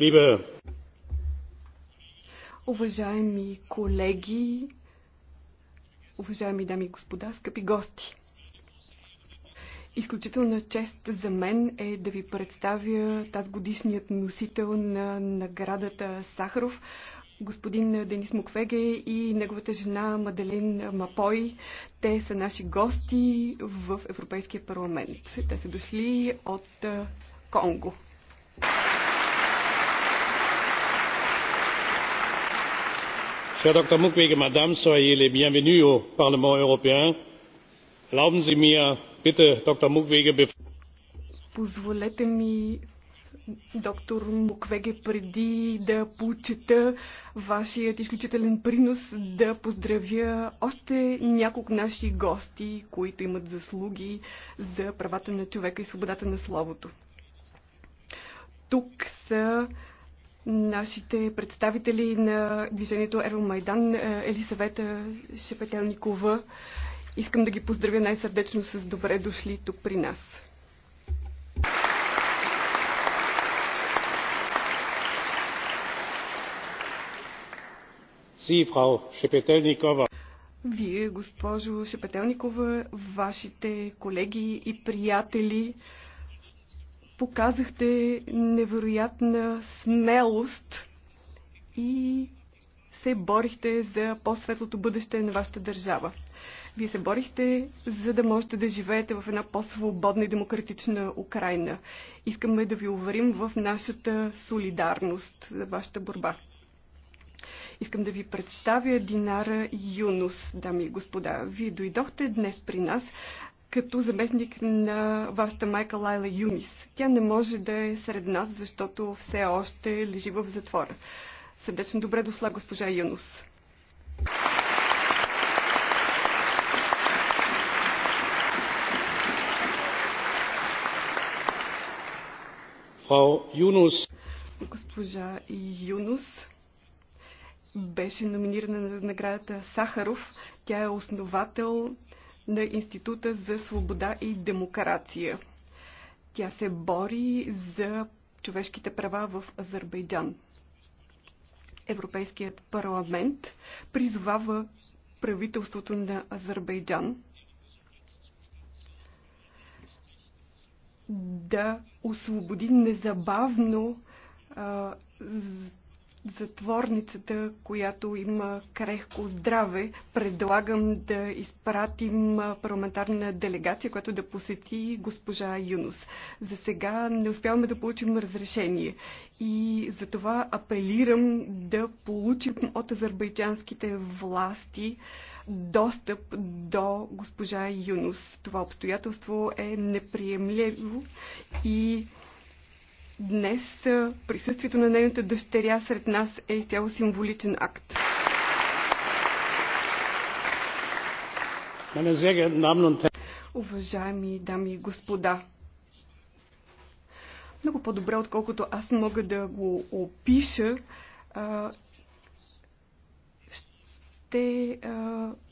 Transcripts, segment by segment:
Liebe Уважаеми колеги, уважаеми дами и господа, скъпи гости! Изключителна чест за мен е да ви представя тази годишният носител на наградата Сахаров, господин Денис Муквеге и неговата жена Маделин Мапой. Те са наши гости в Европейския парламент. Те са дошли от Конго. cher dr mukwege madame soyez les bienvenus au parlement européen. erlauben sie mir bitte dr mukwege Позволете ми, доктор Муквеге, преди да почета вашият изключителен принос, да поздравя още няколко наши гости, които имат заслуги за правата на човека и свободата на словото. Тук са нашите представители на движението Евромайдан, е, Елисавета Шепетелникова. Искам да ги поздравя най-сърдечно с добре дошли тук при нас. Шепетелникова. Вие, госпожо Шепетелникова, вашите колеги и приятели показахте невероятна смелост и се борихте за по-светлото бъдеще на вашата държава. Вие се борихте, за да можете да живеете в една по-свободна и демократична Украина. Искаме да ви уверим в нашата солидарност за вашата борба. Искам да ви представя Динара Юнус, дами и господа. Вие дойдохте днес при нас, като заместник на вашата майка Лайла Юнис. Тя не може да е сред нас, защото все още лежи в затвора. Сърдечно добре дошла госпожа Юнус. Юнус. Госпожа Юнус беше номинирана на наградата Сахаров. Тя е основател на Института за свобода и демокрация. Тя се бори за човешките права в Азербайджан. Европейският парламент призовава правителството на Азербайджан да освободи незабавно а, затворницата, която има крехко здраве. Предлагам да изпратим парламентарна делегация, която да посети госпожа Юнус. За сега не успяваме да получим разрешение и за това апелирам да получим от азербайджанските власти достъп до госпожа Юнус. Това обстоятелство е неприемливо и Днес присъствието на нейната дъщеря сред нас е изцяло символичен акт. Уважаеми дами и господа, много по-добре, отколкото аз мога да го опиша, ще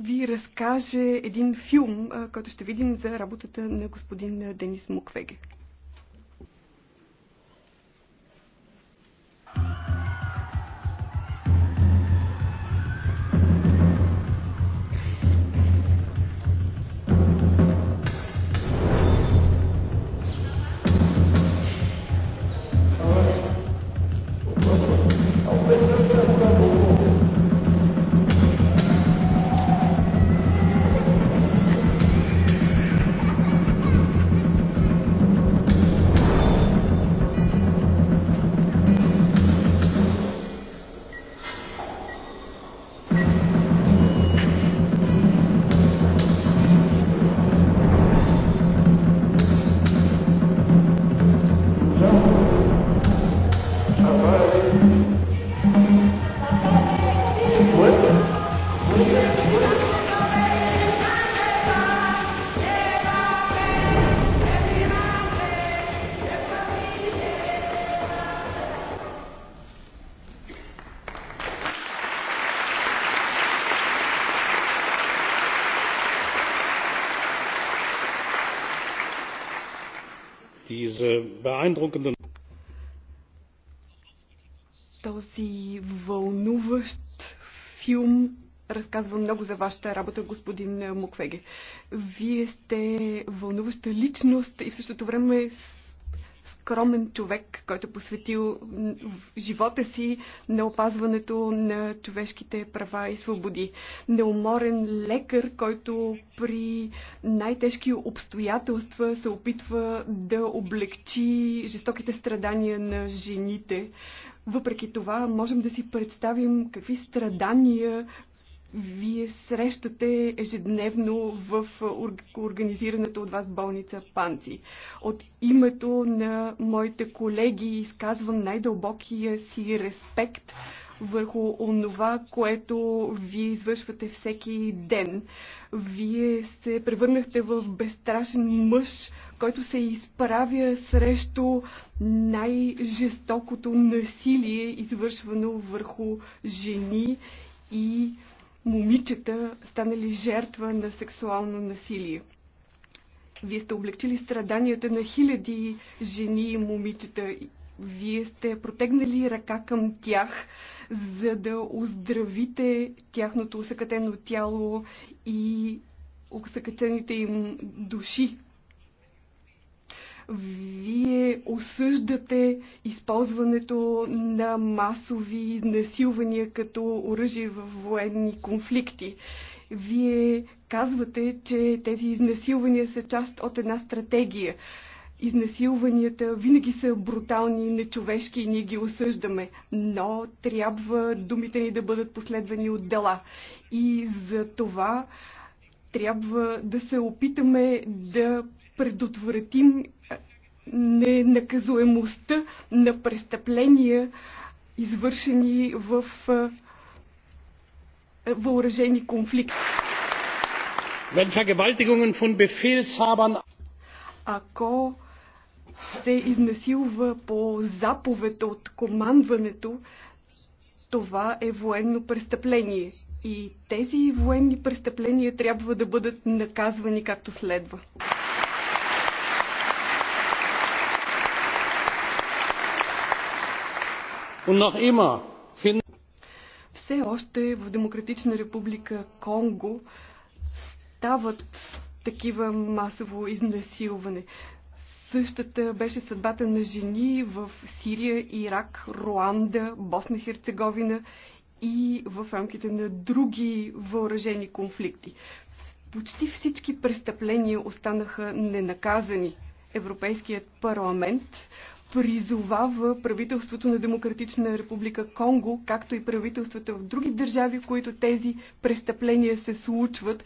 ви разкаже един филм, който ще видим за работата на господин Денис Муквеге. diese beeindruckenden. Този вълнуващ филм разказва много за вашата работа, господин Муквеге. Вие сте вълнуваща личност и в същото време скромен човек, който е посветил живота си на опазването на човешките права и свободи. Неуморен лекар, който при най-тежки обстоятелства се опитва да облегчи жестоките страдания на жените. Въпреки това, можем да си представим какви страдания вие срещате ежедневно в организираната от вас болница Панци. От името на моите колеги изказвам най-дълбокия си респект върху онова, което вие извършвате всеки ден. Вие се превърнахте в безстрашен мъж, който се изправя срещу най-жестокото насилие, извършвано върху жени и момичета, станали жертва на сексуално насилие. Вие сте облегчили страданията на хиляди жени и момичета. Вие сте протегнали ръка към тях, за да оздравите тяхното усъкътено тяло и усъкътените им души. Вие осъждате използването на масови изнасилвания като оръжие в военни конфликти. Вие казвате, че тези изнасилвания са част от една стратегия. Изнасилванията винаги са брутални, нечовешки и ние ги осъждаме, но трябва думите ни да бъдат последвани от дела. И за това трябва да се опитаме да предотвратим ненаказуемостта на престъпления, извършени в въоръжени конфликти. Ако се изнасилва по заповед от командването, това е военно престъпление. И тези военни престъпления трябва да бъдат наказвани както следва. все още в Демократична република Конго стават такива масово изнасилване. Същата беше съдбата на жени в Сирия, Ирак, Руанда, Босна Херцеговина и в рамките на други въоръжени конфликти. Почти всички престъпления останаха ненаказани. Европейският парламент призовава правителството на Демократична република Конго, както и правителствата в други държави, в които тези престъпления се случват,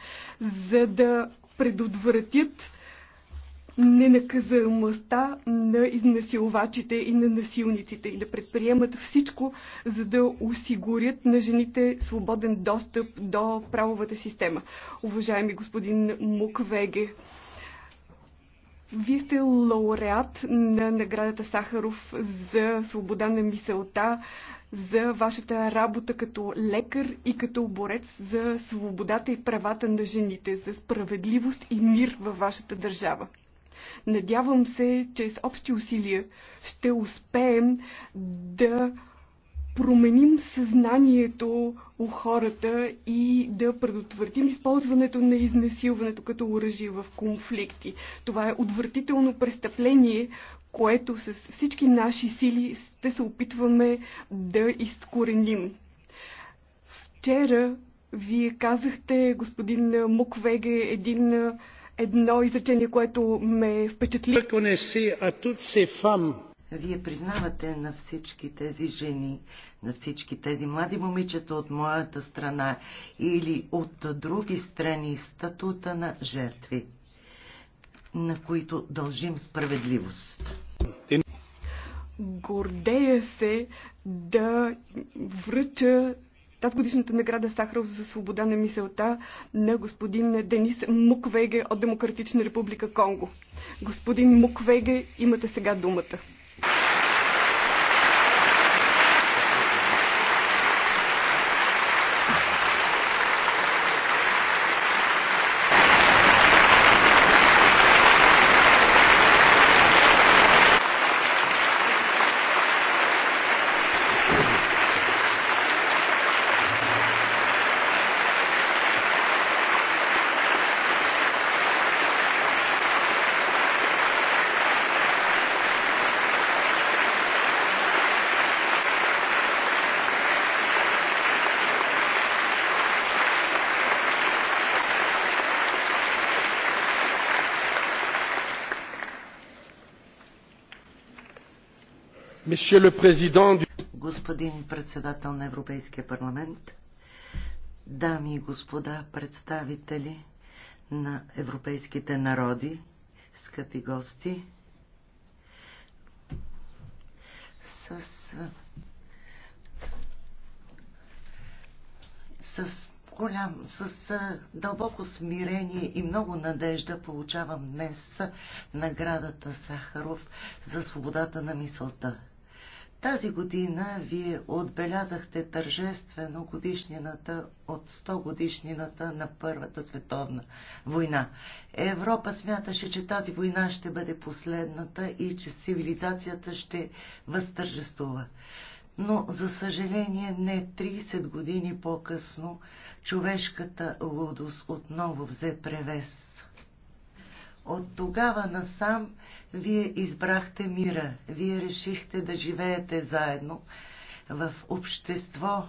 за да предотвратят ненаказаемостта на изнасилвачите и на насилниците и да предприемат всичко, за да осигурят на жените свободен достъп до правовата система. Уважаеми господин Муквеге, вие сте лауреат на наградата Сахаров за свобода на мисълта, за вашата работа като лекар и като борец за свободата и правата на жените, за справедливост и мир във вашата държава. Надявам се, че с общи усилия ще успеем да променим съзнанието у хората и да предотвратим използването на изнасилването като оръжие в конфликти. Това е отвратително престъпление, което с всички наши сили ще се опитваме да изкореним. Вчера вие казахте, господин Муквеге, един, едно изречение, което ме впечатли. Вие признавате на всички тези жени, на всички тези млади момичета от моята страна или от други страни статута на жертви, на които дължим справедливост. Гордея се да връча тази годишната награда Сахаров за свобода на мисълта на господин Денис Муквеге от Демократична република Конго. Господин Муквеге, имате сега думата. Господин председател на Европейския парламент, дами и господа представители на европейските народи, скъпи гости, с, с голям, с дълбоко смирение и много надежда получавам днес наградата Сахаров за свободата на мисълта. Тази година вие отбелязахте тържествено годишнината от 100 годишнината на Първата световна война. Европа смяташе, че тази война ще бъде последната и че цивилизацията ще възтържествува. Но, за съжаление, не 30 години по-късно човешката лудост отново взе превес от тогава насам вие избрахте мира, вие решихте да живеете заедно в общество,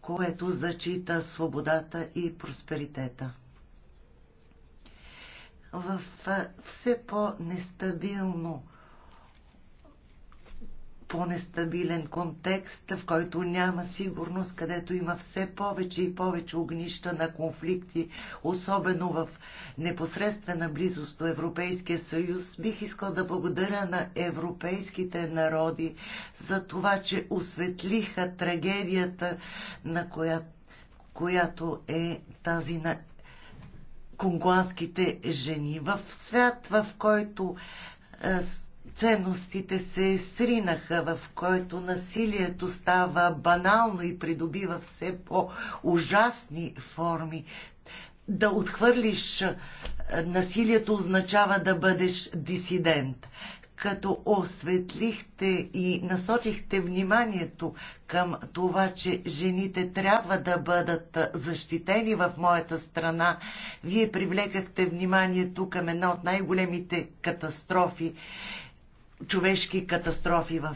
което зачита свободата и просперитета. В все по-нестабилно по-нестабилен контекст, в който няма сигурност, където има все повече и повече огнища на конфликти, особено в непосредствена близост до Европейския съюз. Бих искал да благодаря на европейските народи за това, че осветлиха трагедията, на коя, която е тази на конгуанските жени. В свят, в който е, ценностите се сринаха, в който насилието става банално и придобива все по-ужасни форми. Да отхвърлиш насилието означава да бъдеш дисидент. Като осветлихте и насочихте вниманието към това, че жените трябва да бъдат защитени в моята страна, вие привлекахте вниманието към една от най-големите катастрофи човешки катастрофи в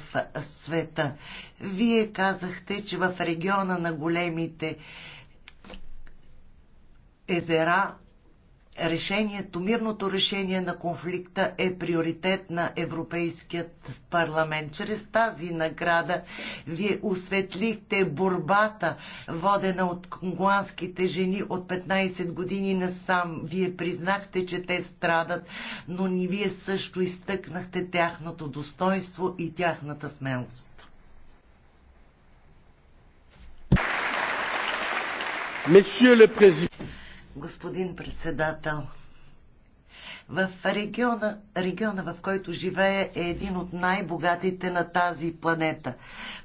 света. Вие казахте, че в региона на големите езера решението, мирното решение на конфликта е приоритет на Европейският парламент. Чрез тази награда вие осветлихте борбата, водена от конгуанските жени от 15 години насам. Вие признахте, че те страдат, но ни вие също изтъкнахте тяхното достоинство и тяхната смелост. Monsieur le Président, господин председател. В региона, региона, в който живее, е един от най-богатите на тази планета.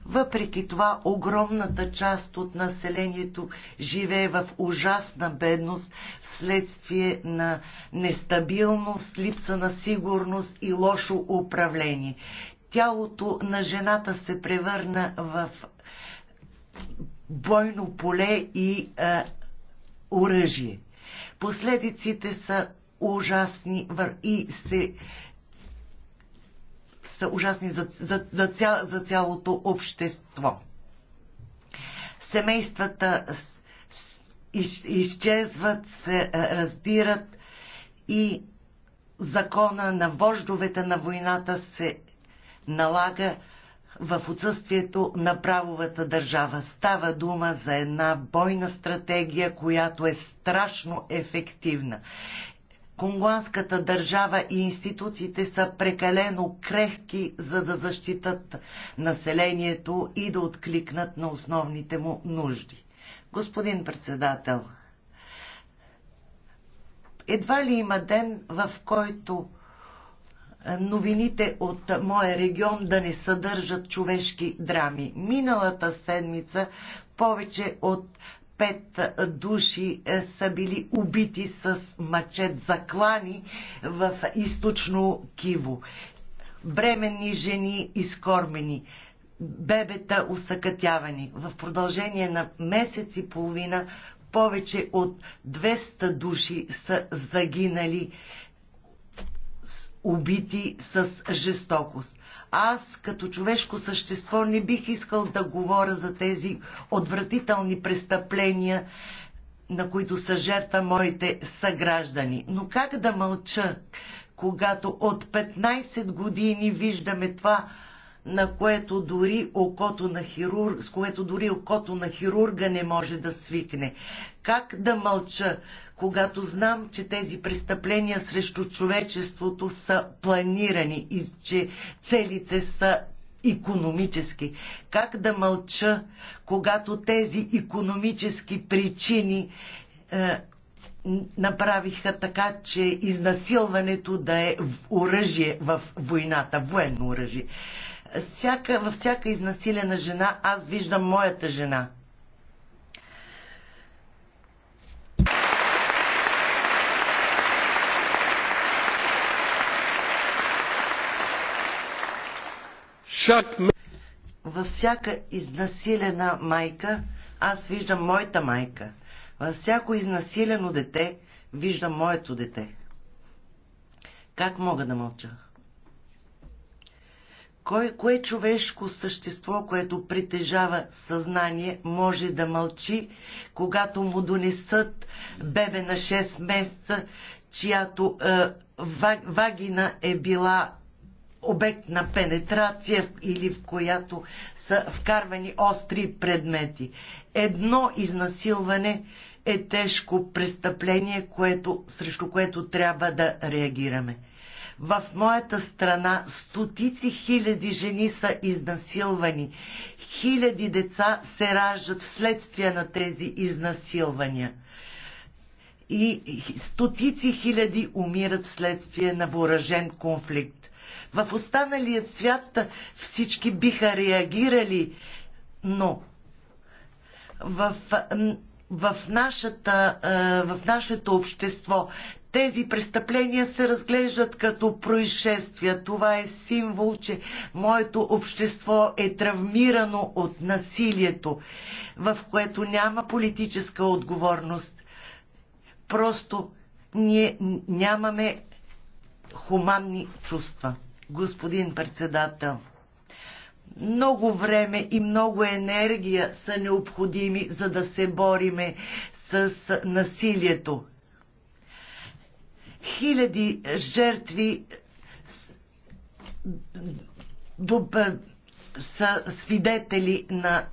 Въпреки това, огромната част от населението живее в ужасна бедност вследствие на нестабилност, липса на сигурност и лошо управление. Тялото на жената се превърна в бойно поле и а, е, оръжие. Последиците са ужасни и се са ужасни за, за, за, ця, за цялото общество. Семействата из, изчезват, се раздират и закона на вождовете на войната се налага в отсъствието на правовата държава. Става дума за една бойна стратегия, която е страшно ефективна. Конгуанската държава и институциите са прекалено крехки, за да защитат населението и да откликнат на основните му нужди. Господин председател, едва ли има ден, в който новините от моя регион да не съдържат човешки драми. Миналата седмица повече от пет души е, са били убити с мачет заклани в източно Киво. Бременни жени изкормени, бебета усъкътявани. В продължение на месец и половина повече от 200 души са загинали убити с жестокост. Аз като човешко същество не бих искал да говоря за тези отвратителни престъпления, на които са жертва моите съграждани. Но как да мълча, когато от 15 години виждаме това на което дори окото на хирург, с което дори окото на хирурга не може да свикне. Как да мълча, когато знам, че тези престъпления срещу човечеството са планирани и че целите са економически. Как да мълча, когато тези економически причини е, направиха така, че изнасилването да е оръжие в войната, военно оръжие всяка, във всяка изнасилена жена аз виждам моята жена. Във всяка изнасилена майка аз виждам моята майка. Във всяко изнасилено дете виждам моето дете. Как мога да мълча? Кой, кое човешко същество, което притежава съзнание, може да мълчи, когато му донесат бебе на 6 месеца, чиято е, вагина е била обект на пенетрация или в която са вкарвани остри предмети. Едно изнасилване е тежко престъпление, което, срещу което трябва да реагираме. В моята страна стотици хиляди жени са изнасилвани. Хиляди деца се раждат вследствие на тези изнасилвания. И стотици хиляди умират вследствие на въоръжен конфликт. В останалия свят всички биха реагирали, но в в, нашата, е, в нашето общество. Тези престъпления се разглеждат като происшествия. Това е символ, че моето общество е травмирано от насилието, в което няма политическа отговорност. Просто ние нямаме хуманни чувства. Господин председател, много време и много енергия са необходими, за да се бориме с насилието. Хиляди жертви са свидетели на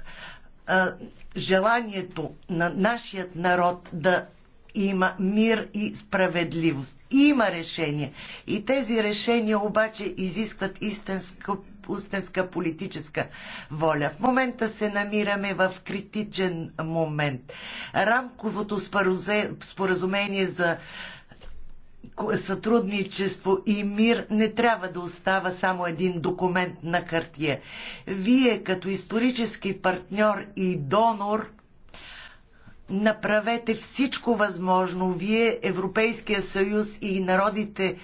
желанието на нашият народ да има мир и справедливост. Има решения. И тези решения обаче изискват истинско истинска политическа воля. В момента се намираме в критичен момент. Рамковото споразумение за сътрудничество и мир не трябва да остава само един документ на хартия. Вие като исторически партньор и донор направете всичко възможно. Вие, Европейския съюз и народите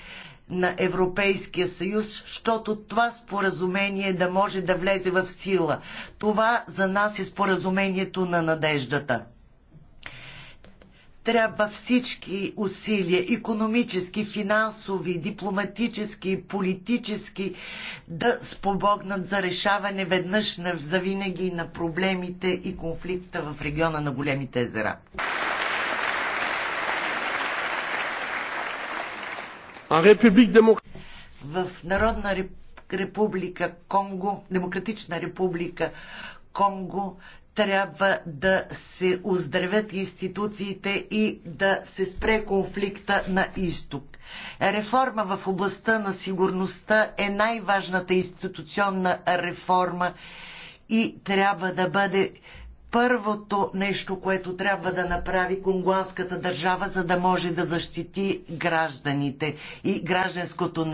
на Европейския съюз, защото това споразумение да може да влезе в сила. Това за нас е споразумението на надеждата. Трябва всички усилия, економически, финансови, дипломатически, политически, да спомогнат за решаване веднъж завинаги на проблемите и конфликта в региона на големите езера. В Народна република Конго, Демократична република Конго, трябва да се оздравят институциите и да се спре конфликта на изток. Реформа в областта на сигурността е най-важната институционна реформа и трябва да бъде първото нещо, което трябва да направи конгуанската държава, за да може да защити гражданите и гражданското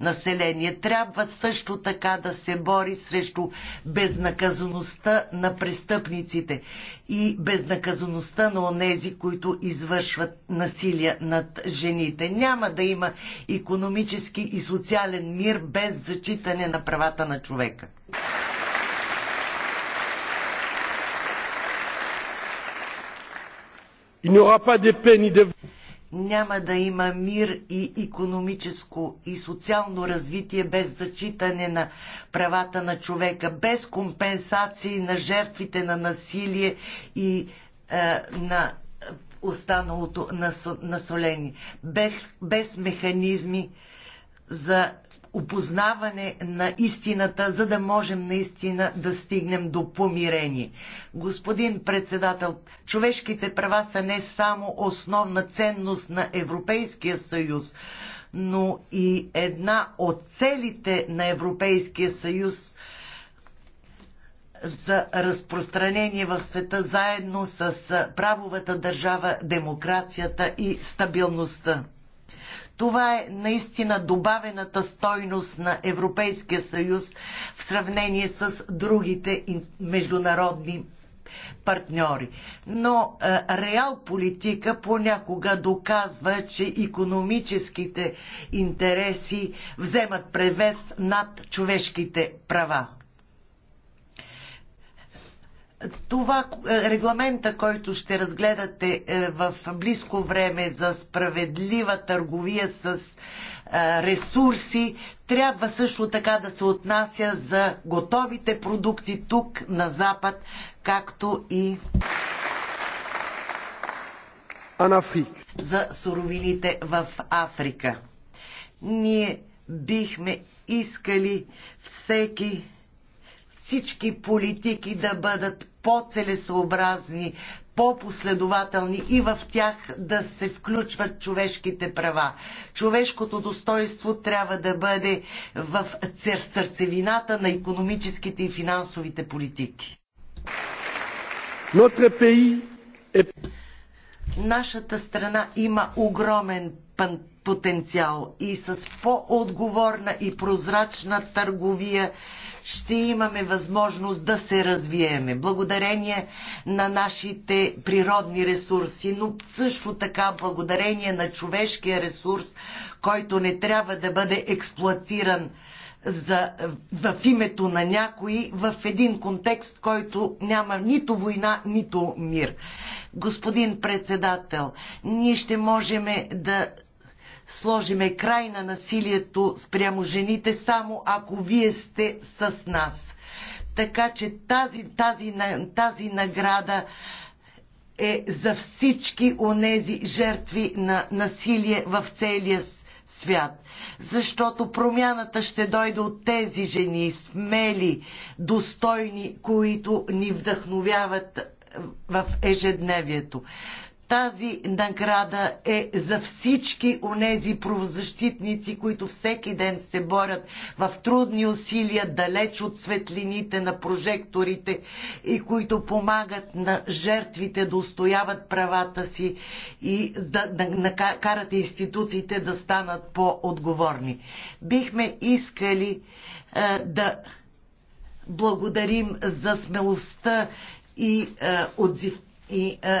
население. Трябва също така да се бори срещу безнаказаността на престъпниците и безнаказаността на онези, които извършват насилие над жените. Няма да има економически и социален мир без зачитане на правата на човека. Няма да има мир и економическо и социално развитие без зачитане на правата на човека, без компенсации на жертвите на насилие и е, на останалото насолени, без, без механизми за опознаване на истината, за да можем наистина да стигнем до помирение. Господин председател, човешките права са не само основна ценност на Европейския съюз, но и една от целите на Европейския съюз за разпространение в света заедно с правовата държава, демокрацията и стабилността. Това е наистина добавената стойност на Европейския съюз в сравнение с другите международни партньори. Но а, е, реал политика понякога доказва, че економическите интереси вземат превес над човешките права това е, регламента, който ще разгледате е, в близко време за справедлива търговия с е, ресурси, трябва също така да се отнася за готовите продукти тук на Запад, както и за суровините в Африка. Ние бихме искали всеки всички политики да бъдат по-целесообразни, по-последователни и в тях да се включват човешките права. Човешкото достоинство трябва да бъде в сърцевината на економическите и финансовите политики. Нашата страна има огромен потенциал и с по-отговорна и прозрачна търговия ще имаме възможност да се развиеме, благодарение на нашите природни ресурси, но също така благодарение на човешкия ресурс, който не трябва да бъде експлуатиран за, в името на някои в един контекст, който няма нито война, нито мир. Господин председател, ние ще можем да сложиме край на насилието спрямо жените, само ако вие сте с нас. Така че тази, тази, тази награда е за всички онези жертви на насилие в целия свят. Защото промяната ще дойде от тези жени, смели, достойни, които ни вдъхновяват в ежедневието. Тази награда е за всички онези правозащитници, които всеки ден се борят в трудни усилия, далеч от светлините на прожекторите и които помагат на жертвите да устояват правата си и да, да накарат институциите да станат по-отговорни. Бихме искали е, да благодарим за смелостта и е, отзивността и е,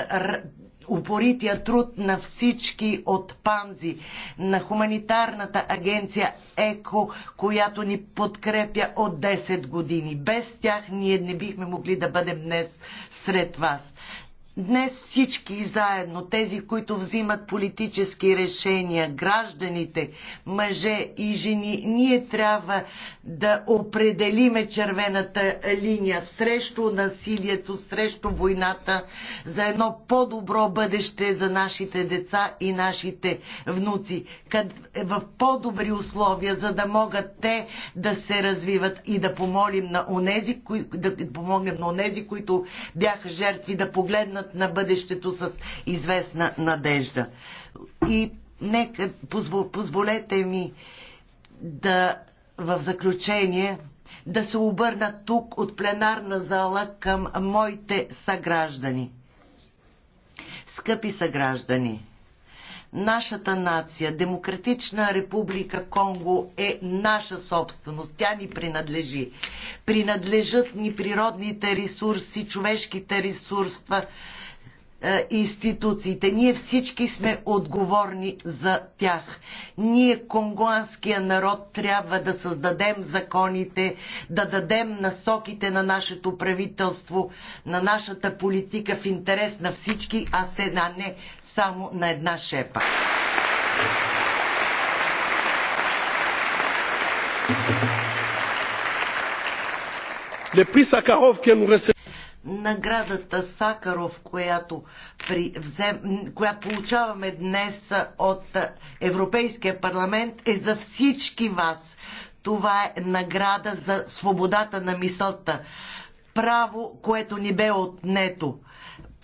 упорития труд на всички от Панзи, на хуманитарната агенция ЕКО, която ни подкрепя от 10 години. Без тях ние не бихме могли да бъдем днес сред вас. Днес всички заедно, тези, които взимат политически решения, гражданите, мъже и жени, ние трябва да определиме червената линия срещу насилието, срещу войната, за едно по-добро бъдеще за нашите деца и нашите внуци, в по-добри условия, за да могат те да се развиват и да помолим на онези, да помогнем на онези, които бяха жертви, да погледнат на бъдещето с известна надежда. И нека, позволете ми да в заключение да се обърна тук от пленарна зала към моите съграждани. Скъпи съграждани, нашата нация, Демократична република Конго е наша собственост. Тя ни принадлежи. Принадлежат ни природните ресурси, човешките ресурства, е, институциите. Ние всички сме отговорни за тях. Ние, конгуанския народ, трябва да създадем законите, да дадем насоките на нашето правителство, на нашата политика в интерес на всички, а сега не само на една шепа. Le prix Sakharov qui nous наградата Сакаров, която, при, взем, която получаваме днес от Европейския парламент, е за всички вас. Това е награда за свободата на мисълта. Право, което ни бе отнето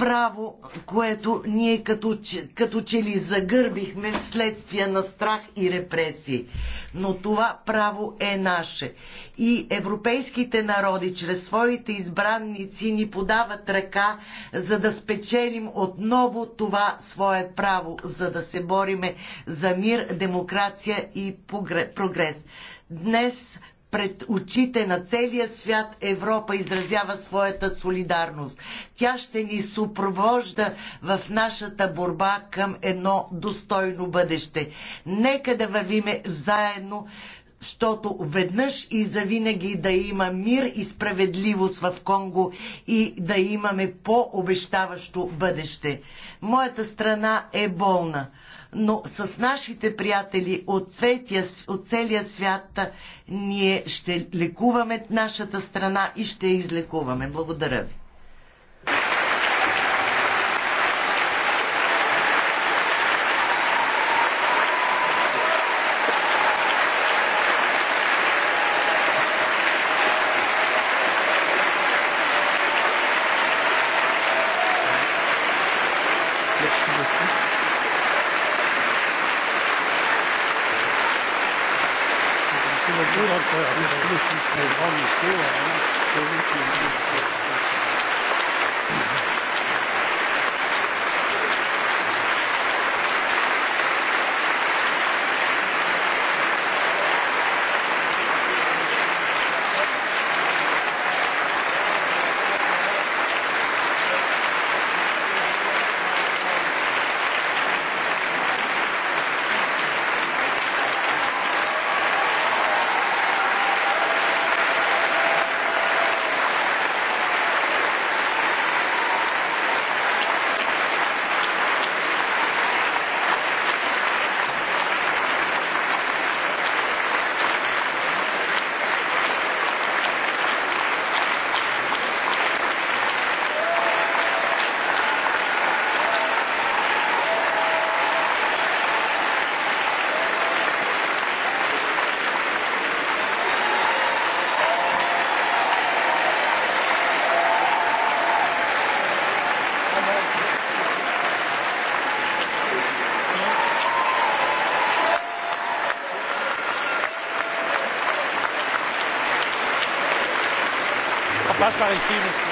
право, което ние като, като че ли загърбихме вследствие на страх и репресии. Но това право е наше. И европейските народи чрез своите избранници ни подават ръка, за да спечелим отново това свое право, за да се бориме за мир, демокрация и прогрес. Днес пред очите на целия свят Европа изразява своята солидарност. Тя ще ни супровожда в нашата борба към едно достойно бъдеще. Нека да вървиме заедно защото веднъж и завинаги да има мир и справедливост в Конго и да имаме по-обещаващо бъдеще. Моята страна е болна, но с нашите приятели от, цветия, от целия свят ние ще лекуваме нашата страна и ще я излекуваме. Благодаря ви. desaparecidos.